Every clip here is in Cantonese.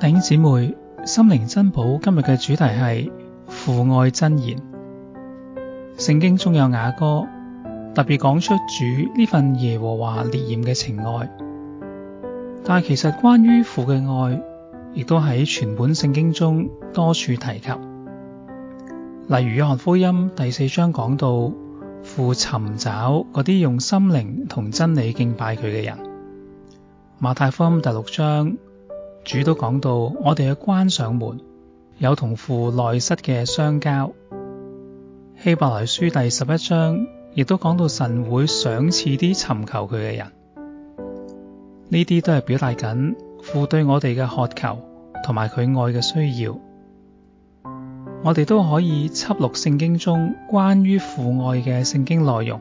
弟兄姊妹，心靈珍寶今日嘅主題係父愛珍言。聖經中有雅歌特別講出主呢份耶和華烈焰嘅情愛，但係其實關於父嘅愛，亦都喺全本聖經中多處提及。例如約翰福音第四章講到父尋找嗰啲用心靈同真理敬拜佢嘅人。馬太福音第六章。主都講到，我哋嘅關上門，有同父內室嘅相交。希伯來書第十一章亦都講到，神會賞賜啲尋求佢嘅人。呢啲都係表達緊父對我哋嘅渴求，同埋佢愛嘅需要。我哋都可以輯錄聖經中關於父愛嘅聖經內容，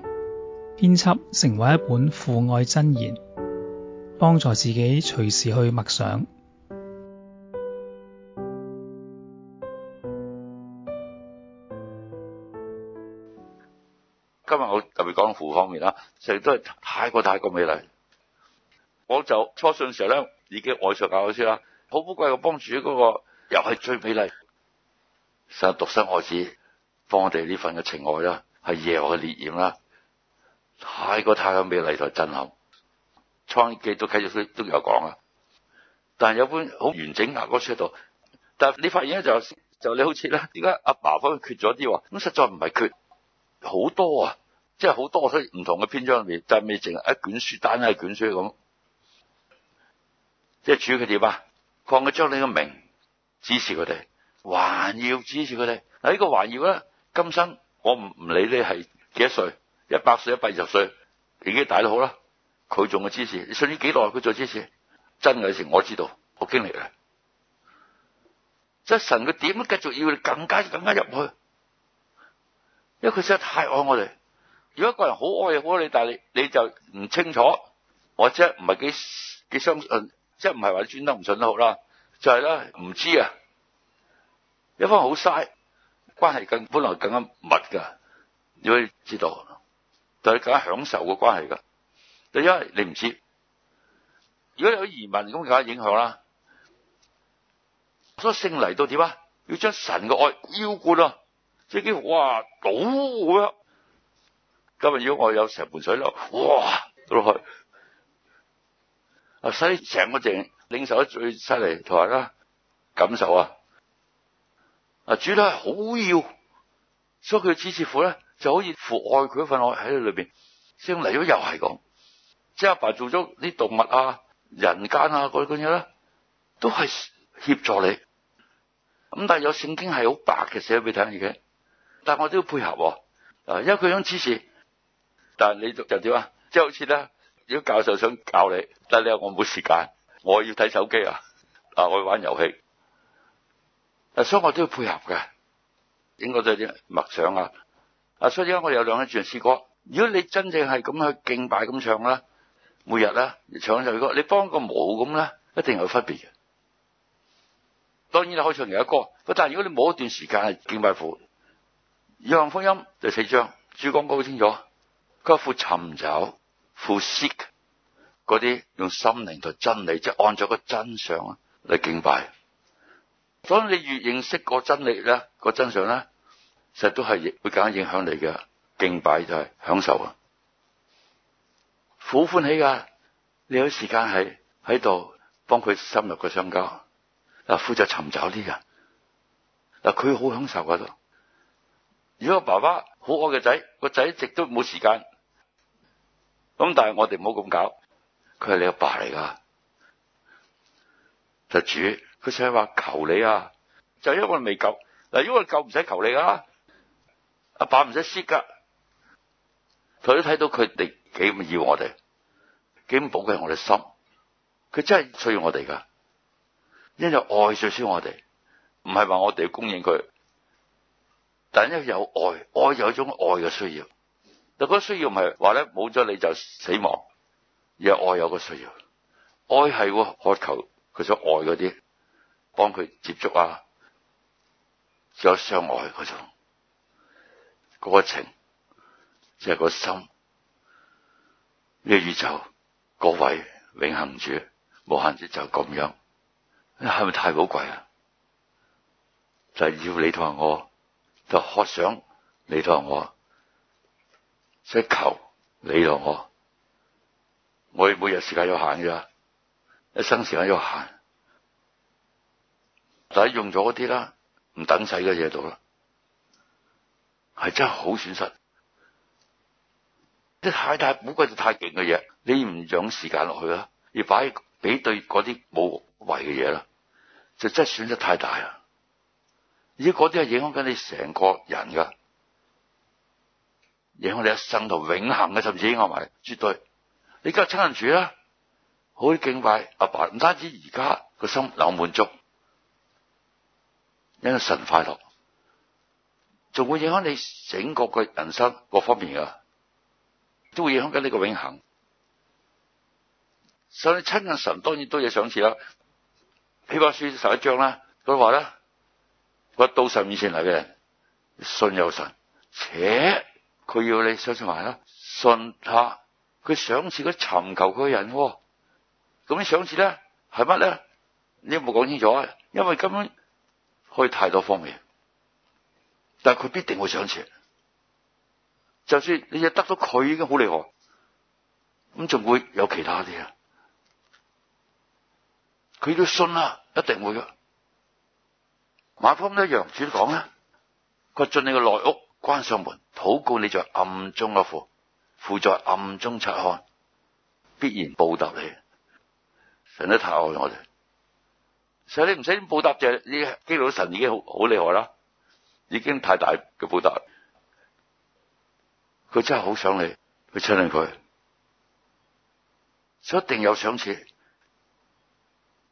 編輯成為一本父愛珍言，幫助自己隨時去默想。今日我特別講到父方面啦，成日都係太過太過美麗。我就初信嘅時候咧，已經愛上雅歌書啦，好寶貴嘅幫助嗰、那個，又係最美麗。實獨生愛子，幫我哋呢份嘅情愛啦，係耶和華烈焰啦，太過太過美麗同震撼。創紀都繼續都有講啊，但係有一本好完整嘅雅歌書喺度，但係你發現咧就就你好似咧，點解阿爸方佢缺咗啲喎？咁實在唔係缺好多啊！即係好多所以唔同嘅篇章入面，但未淨係一卷書，單係卷書咁，即係主要佢哋啊？放佢將你嘅名指示佢哋，還要指示佢哋。嗱呢、呢個還要呢，今生我唔唔理你係幾多歲，一百歲一百二十歲，年紀大都好啦。佢仲嘅支持你，信你幾耐佢做支持，真係成我知道，我經歷嘅。即係神佢點繼續要更加更加入去，因為佢實在太愛我哋。如果一個人好愛好你，但係你就唔清楚，或者唔係幾幾相信，即係唔係話你專登唔信都好啦，就係咧唔知啊，一方好嘥，關係更本來更加密噶，如果你知道，但係更加享受嘅關係噶，第一你唔知，如果有疑問，咁更加影響啦，所以聖嚟到點啊？要將神嘅愛腰罐啊，即係幾乎哇賭咁樣。今日如果我有成盆水落，哇！落去啊，所以成個淨領受得最犀利，同埋咧感受啊，啊主都係好要，所以佢次次乎咧，就好似父愛佢份愛喺佢裏邊。即嚟咗又係講，即係阿爸做咗啲動物啊、人間啊嗰啲咁嘢啦，都係協助你。咁但係有聖經係好白嘅寫俾你睇嘅，但係我都要配合，啊，因為佢想支持。但係你就點啊？即係好似咧，如果教授想教你，但係你話我冇時間，我要睇手機啊，啊，我要玩遊戲啊， 所以我都要配合嘅。應該都係啲默想啊啊，所以而家我有兩位主題詩歌。如果你真正係咁去敬拜咁唱啦，每日咧唱一首歌，你幫個冇咁咧，一定有分別嘅。當然你可以唱其他歌，但係如果你冇一段時間係敬拜父，約翰福音就四章就講好清楚。佢父尋找，父 seek 嗰啲用心靈同真理，即係按咗個真相啊嚟敬拜。所以你越認識個真理咧，個真相咧，其實都係會更加影響你嘅敬拜，就係享受啊，好歡喜噶。你有時間係喺度幫佢深入個相交，嗱負責尋找啲人，嗱佢好享受噶都。如果爸爸好愛嘅仔，個仔一直都冇時間。咁但係我哋唔好咁搞，佢係你阿爸嚟噶，就主佢想話求你啊，就因為我哋未夠，嗱因為夠唔使求你㗎、啊，阿爸唔使蝕噶，佢都睇到佢哋幾咁要我哋，幾咁寶佢係我哋心，佢真係需要我哋噶，因為愛最需要我哋，唔係話我哋要供應佢，但係因為有愛，愛有一種愛嘅需要。嗰、那個需要唔係話咧，冇咗你就死亡。而是愛有個需要，愛係會、哦、渴求佢想愛嗰啲，幫佢接觸啊，想相愛嗰種，嗰、那個情，即、就、係、是、個心，呢、這個宇宙個位永恆住，無限住就咁樣，係咪太寶貴啊？就係、是、要你同我，就是、渴想你同我。即、就是、求你同我，我哋每日時間有限嘅，一生時間有限，但係用咗嗰啲啦，唔等使嘅嘢度啦，係真係好損失。即太大寶寶太寶貴就太勁嘅嘢，你唔用時間落去啦，而擺俾對嗰啲冇謂嘅嘢啦，就真係損失太大喇！而家嗰啲係影響緊你成個人㗎。影響你一生同永恆嘅，甚至我咪絕對你今日親近主啦，好敬拜阿爸，唔單止而家個心有滿足，因神快樂，仲會影響你整個嘅人生各方面嘅，都會影響緊呢個永恆。所以親近神當然多嘢賞賜啦。希伯來書十一章啦，佢話咧：我到神面前嚟嘅人，信有神，且。佢要你相信埋啦，信吓佢賞賜佢尋求佢嘅人，咁你賞賜咧係乜咧？你冇講清楚，啊，因為根本可以太多方面，但係佢必定會賞賜，就算你只得到佢已經好厲害，咁仲會有其他啲啊？佢都信啦，一定會噶。馬蜂咧，楊主講咧，佢進你個內屋，關上門。禱告你暗、啊、在暗中嘅父，父在暗中察看，必然報答你。神都太愛我哋，所以你唔使報答嘅，你基督神已經好好厲害啦，已經太大嘅報答。佢真係好想你，去親近佢，所以一定有賞賜。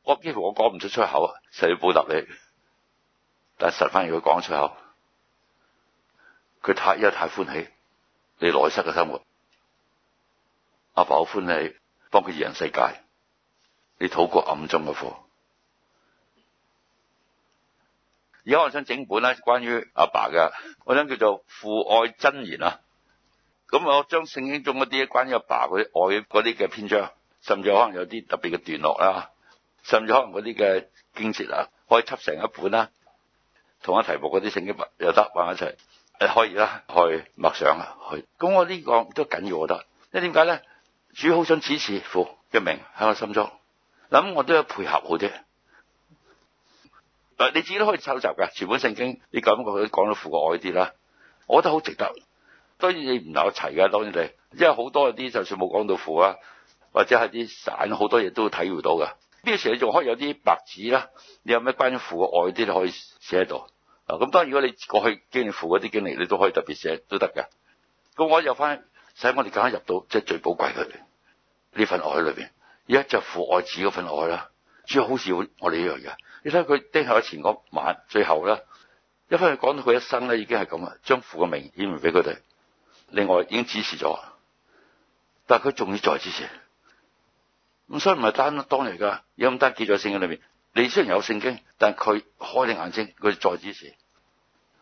我幾乎我講唔出出口啊，神要報答你，但係神反而要講出口。佢太一太歡喜，你內室嘅生活，阿爸好歡喜幫佢二人世界。你討過暗中嘅課，而家我想整本咧，關於阿爸嘅，我想叫做《父愛真言》啊。咁我將聖經中一啲關於阿爸嗰啲愛嗰啲嘅篇章，甚至可能有啲特別嘅段落啦，甚至可能嗰啲嘅經節啊，可以輯成一本啦，同一題目嗰啲聖經又得混一齊。可以啦，去默想啊，去。咁我呢個都緊要，我覺得。你點解咧？主好想指示父嘅名喺我心中，諗我都有配合好啲。嗱，你自己都可以收集噶，全本聖經，你感覺佢講到父嘅愛啲啦，我覺得好值得。當然你唔能夠齊噶，當然你，因為好多啲就算冇講到父啊，或者係啲散好多嘢都體會到噶。呢個時候你仲可以有啲白紙啦？你有咩關於父嘅愛啲你可以寫喺度？咁當然，如果你過去經歷父嗰啲經歷，你可都可以特別寫都得㗎。咁我又翻使我哋更加入到即係最寶貴佢呢份愛裏面。而家就父愛子嗰份愛啦，主要好似我哋呢樣嘅。你睇佢釘下前嗰晚，最後啦，一翻去講到佢一生咧，已經係咁啦，將父嘅名顯明俾佢哋。另外已經指示咗，但係佢仲要再支持。咁所以唔係單當嚟㗎，有咁單記在聖經裏面。你雖然有聖經，但佢開你眼睛，佢再指示。